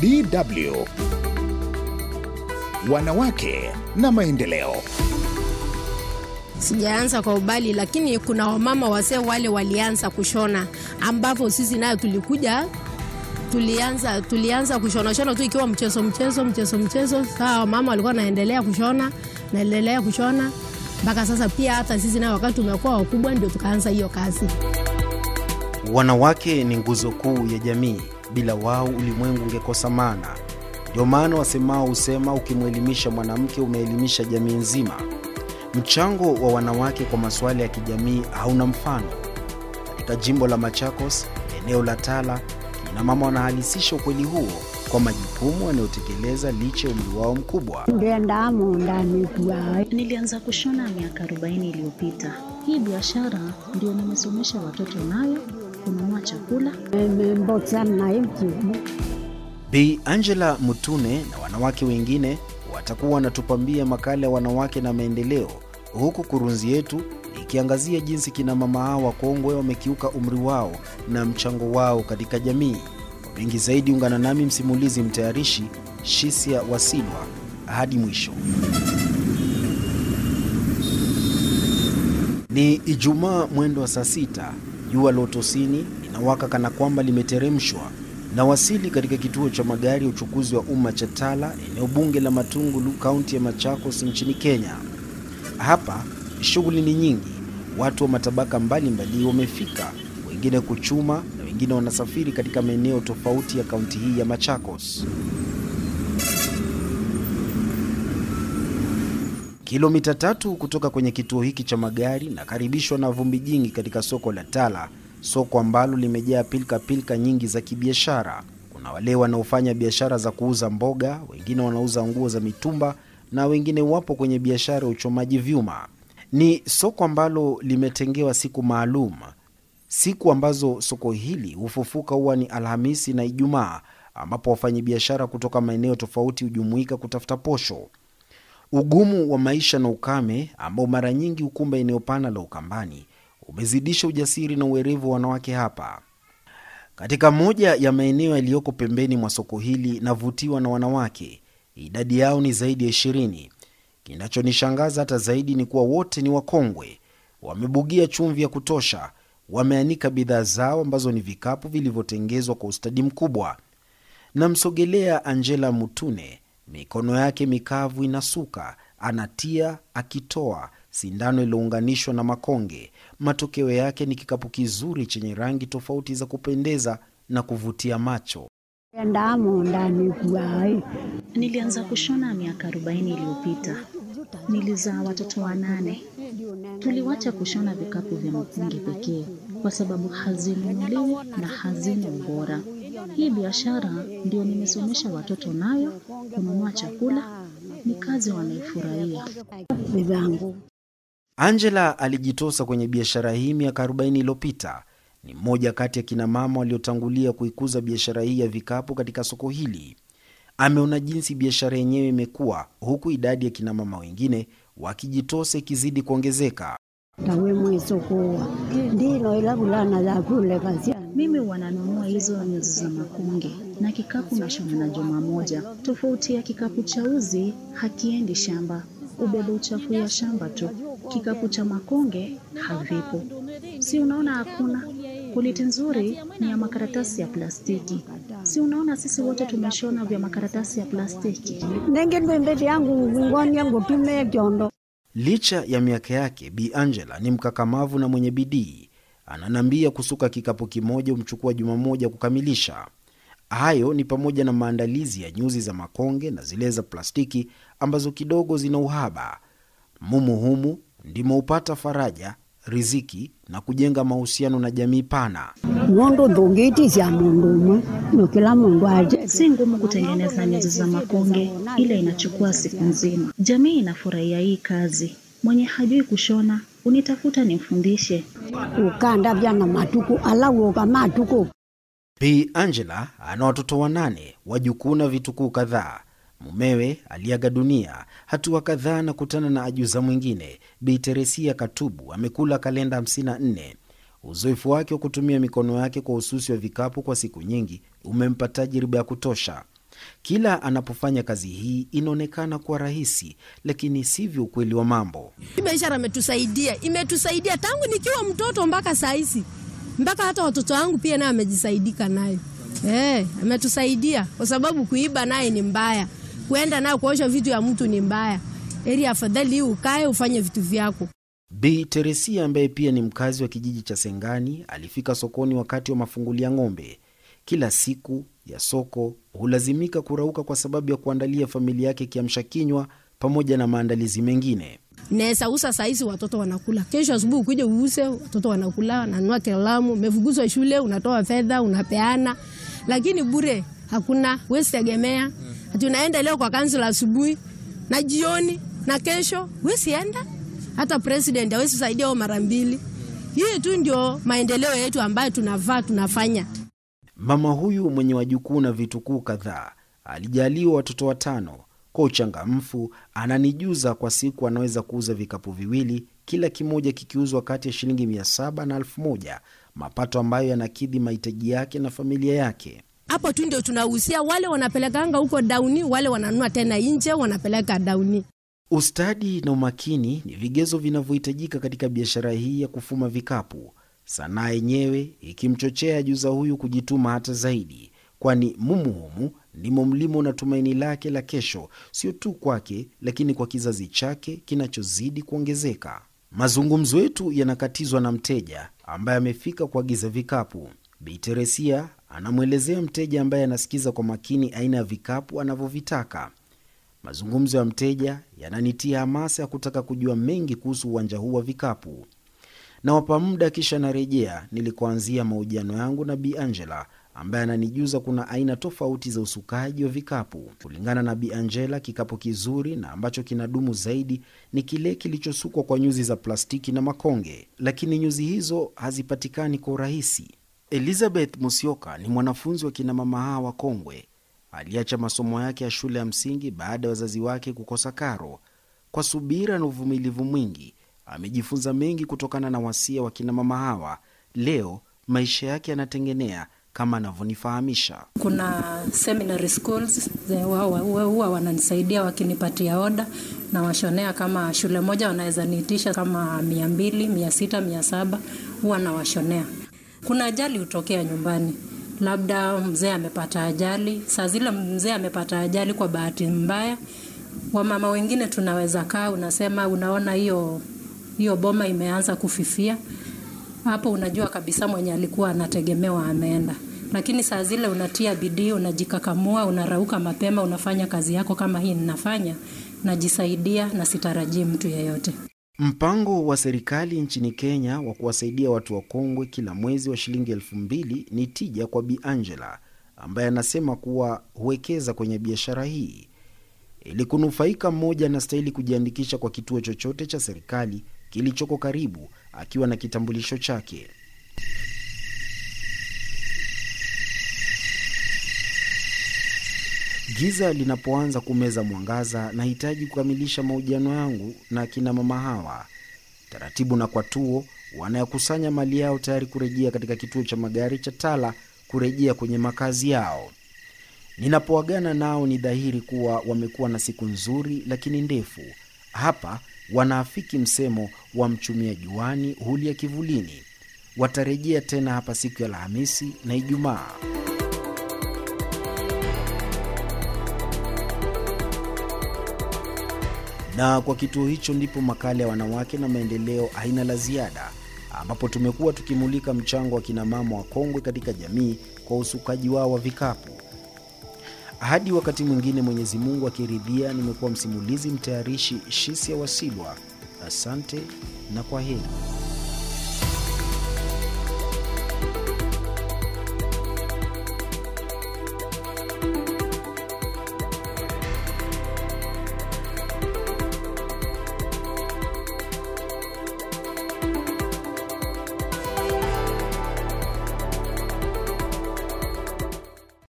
BW. wanawake na maendeleo. Sijaanza kwa ubali, lakini kuna wamama wazee wale walianza kushona, ambapo sisi nayo tulikuja tulianza tulianza kushona shona tu ikiwa mchezo mchezo mchezo mchezo. Sawa, mama walikuwa naendelea kushona naendelea kushona mpaka sasa. Pia hata sisi nayo wakati tumekuwa wakubwa ndio tukaanza hiyo kazi. Wanawake ni nguzo kuu ya jamii. Bila wao ulimwengu ungekosa maana. Ndio maana wasemao husema, ukimwelimisha mwanamke umeelimisha jamii nzima. Mchango wa wanawake kwa masuala ya kijamii hauna mfano. Katika jimbo la Machakos, eneo la Tala, kina mama wanahalisisha ukweli huo kwa majukumu wanayotekeleza licha ya umri wao mkubwa. Nilianza kushona miaka 40 iliyopita. Hii biashara ndio nimesomesha watoto nayo kununua chakula. Bi Angela Mutune na wanawake wengine watakuwa wanatupambia makala ya wanawake na maendeleo, huku kurunzi yetu ikiangazia jinsi kina mama hao wakongwe wamekiuka umri wao na mchango wao katika jamii. Kwa mengi zaidi, ungana nami msimulizi mtayarishi Shisia Wasilwa hadi mwisho. Ni Ijumaa mwendo wa saa sita Jua lotosini linawaka kana kwamba limeteremshwa na wasili katika kituo cha magari ya uchukuzi wa umma cha Tala, eneo bunge la Matungulu, kaunti ya Machakos nchini Kenya. Hapa shughuli ni nyingi, watu wa matabaka mbalimbali wamefika, wengine kuchuma na wengine wanasafiri katika maeneo tofauti ya kaunti hii ya Machakos. kilomita tatu kutoka kwenye kituo hiki cha magari, nakaribishwa na vumbi jingi katika soko la Tala, soko ambalo limejaa pilkapilka nyingi za kibiashara. Kuna wale wanaofanya biashara za kuuza mboga, wengine wanauza nguo za mitumba na wengine wapo kwenye biashara ya uchomaji vyuma. Ni soko ambalo limetengewa siku maalum, siku ambazo soko hili hufufuka huwa ni Alhamisi na Ijumaa, ambapo wafanyabiashara kutoka maeneo tofauti hujumuika kutafuta posho. Ugumu wa maisha na ukame ambao mara nyingi hukumba eneo pana la Ukambani umezidisha ujasiri na uwerevu wa wanawake hapa. Katika moja ya maeneo yaliyoko pembeni mwa soko hili, navutiwa na wanawake, idadi yao ni zaidi ya ishirini. Kinachonishangaza hata zaidi ni kuwa wote ni wakongwe, wamebugia chumvi ya kutosha, wameanika bidhaa zao ambazo ni vikapu vilivyotengezwa kwa ustadi mkubwa. Namsogelea Angela Mutune mikono yake mikavu inasuka, anatia akitoa, sindano iliyounganishwa na makonge. Matokeo yake ni kikapu kizuri chenye rangi tofauti za kupendeza na kuvutia macho. Ndamo ndani kuai. Nilianza kushona miaka 40 iliyopita. Nilizaa watoto wanane. Tuliwacha kushona vikapu vya makonge pekee kwa sababu hazinunuliwi na hazina ubora. Hii biashara ndio nimesomesha watoto nayo, kununua chakula ni kazi wanaifurahia. Angela alijitosa kwenye biashara hii miaka 40 iliyopita. Ni mmoja kati ya kinamama waliotangulia kuikuza biashara hii ya vikapu katika soko hili. Ameona jinsi biashara yenyewe imekuwa huku idadi ya kinamama wengine wakijitosa ikizidi kuongezeka. Mimi wananunua hizo nyuzi za makunge na kikapu na na juma moja. Tofauti ya kikapu cha uzi hakiendi shamba, ubeba uchafu ya shamba tu. Kikapu cha makonge havipo, si unaona hakuna Kuliti nzuri ni ya makaratasi ya plastiki, si unaona sisi wote tumeshona vya makaratasi ya plastiki nengendembeti yangu ngoni yangu tume vyondo. Licha ya miaka yake, Bi Angela ni mkakamavu na mwenye bidii ananambia kusuka kikapu kimoja umchukua juma moja kukamilisha. Hayo ni pamoja na maandalizi ya nyuzi za makonge na zile za plastiki ambazo kidogo zina uhaba. Mumuhumu ndimo upata faraja, riziki na kujenga mahusiano na jamii pana. Si ngumu kutengeneza nyuzi za makonge, ila inachukua siku nzima. Jamii inafurahia hii kazi. Mwenye hajui kushona unitafuta nifundishe ukanda vyana matuku alauoka matuku Bi Angela ana watoto wanane, wajukuu na vitukuu kadhaa. Mumewe aliaga dunia. Hatua kadhaa na kutana na ajuza mwingine. Bi Teresia Katubu amekula kalenda 54. Uzoefu wake wa kutumia mikono yake kwa ususi wa vikapu kwa siku nyingi umempa tajriba ya kutosha. Kila anapofanya kazi hii inaonekana kuwa rahisi, lakini sivyo ukweli wa mambo. Hii biashara imetusaidia, imetusaidia tangu nikiwa mtoto mpaka saa mpaka hata watoto wangu pia naye amejisaidika nayo. Eh, ametusaidia kwa sababu kuiba naye ni mbaya, kuenda naye kuosha vitu ya mtu ni mbaya. Heri afadhali hii ukae ufanye vitu vyako. Bi Teresia ambaye pia ni mkazi wa kijiji cha Sengani alifika sokoni wakati wa mafungulia ng'ombe. Kila siku ya soko hulazimika kurauka kwa sababu ya kuandalia familia yake kiamsha kinywa pamoja na maandalizi mengine. Naweza uza saizi, watoto wanakula. Kesho asubuhi ukuje uuze, watoto wanakula, Nanua kalamu, umefukuzwa shule, unatoa fedha, unapeana, lakini bure hakuna. Wezi tegemea, tunaenda leo kwa kansila asubuhi na jioni na kesho, wesienda hata president awezi saidia o mara mbili. Hii tu ndio maendeleo yetu ambayo tunavaa tunafanya Mama huyu mwenye wajukuu na vitukuu kadhaa alijaliwa watoto watano. Kwa uchangamfu, ananijuza kwa siku anaweza kuuza vikapu viwili, kila kimoja kikiuzwa kati ya shilingi mia saba na elfu moja mapato ambayo yanakidhi mahitaji yake na familia yake. Hapo tu ndio tunahusia wale wanapelekanga huko dauni, wale wananunua tena nje, wanapeleka dauni. Ustadi na umakini ni vigezo vinavyohitajika katika biashara hii ya kufuma vikapu sanaa yenyewe ikimchochea juza huyu kujituma hata zaidi, kwani Mumuhumu ndimo mlimo na tumaini lake la kesho, sio tu kwake, lakini kwa kizazi chake kinachozidi kuongezeka. Mazungumzo yetu yanakatizwa na mteja ambaye amefika kuagiza vikapu. Bi Teresia anamwelezea mteja ambaye anasikiza kwa makini aina ya vikapu anavyovitaka. Mazungumzo ya mteja yananitia hamasa ya kutaka kujua mengi kuhusu uwanja huu wa vikapu. Nawapa muda kisha narejea nilikuanzia mahojiano yangu na Bi Angela ambaye ananijuza kuna aina tofauti za usukaji wa vikapu. Kulingana na Bi Angela, kikapu kizuri na ambacho kinadumu zaidi ni kile kilichosukwa kwa nyuzi za plastiki na makonge, lakini nyuzi hizo hazipatikani kwa urahisi. Elizabeth Musyoka ni mwanafunzi wa kinamama hawa kongwe Aliacha masomo yake ya shule ya msingi baada ya wazazi wake kukosa karo. Kwa subira na uvumilivu mwingi amejifunza mengi kutokana na wasia wa kina mama hawa. Leo maisha yake yanatengenea kama anavyonifahamisha. Kuna seminary schools huwa wananisaidia wakinipatia oda na washonea, kama shule moja wanaweza niitisha kama mia mbili, mia sita, mia saba huwa nawashonea. Kuna ajali hutokea nyumbani, labda mzee amepata ajali. Saa zile mzee amepata ajali kwa bahati mbaya, wamama wengine tunaweza kaa, unasema unaona hiyo hiyo boma imeanza kufifia. Hapo unajua kabisa mwenye alikuwa anategemewa ameenda. Lakini saa zile unatia bidii, unajikakamua, unarauka mapema, unafanya kazi yako kama hii ninafanya, najisaidia na sitarajii mtu yeyote. Mpango wa serikali nchini Kenya wa kuwasaidia watu wakongwe kila mwezi wa shilingi elfu mbili ni tija kwa Bi Angela ambaye anasema kuwa huwekeza kwenye biashara hii. Ili kunufaika, mmoja anastahili kujiandikisha kwa kituo chochote cha serikali kilichoko karibu akiwa na kitambulisho chake. Giza linapoanza kumeza mwangaza, nahitaji kukamilisha mahojiano yangu na akina mama hawa taratibu na kwa tuo wanayakusanya mali yao tayari kurejea katika kituo cha magari cha Tala kurejea kwenye makazi yao. Ninapoagana nao ni dhahiri kuwa wamekuwa na siku nzuri lakini ndefu hapa wanaafiki msemo wa mchumia juani hulia kivulini. Watarejea tena hapa siku ya Alhamisi na Ijumaa. Na kwa kituo hicho ndipo makala ya wanawake na maendeleo aina la ziada, ambapo tumekuwa tukimulika mchango wa kinamama wa kongwe katika jamii kwa usukaji wao wa vikapu. Hadi wakati mwingine, Mwenyezi Mungu akiridhia, nimekuwa msimulizi mtayarishi Shisia Wasilwa. Asante na kwa heri.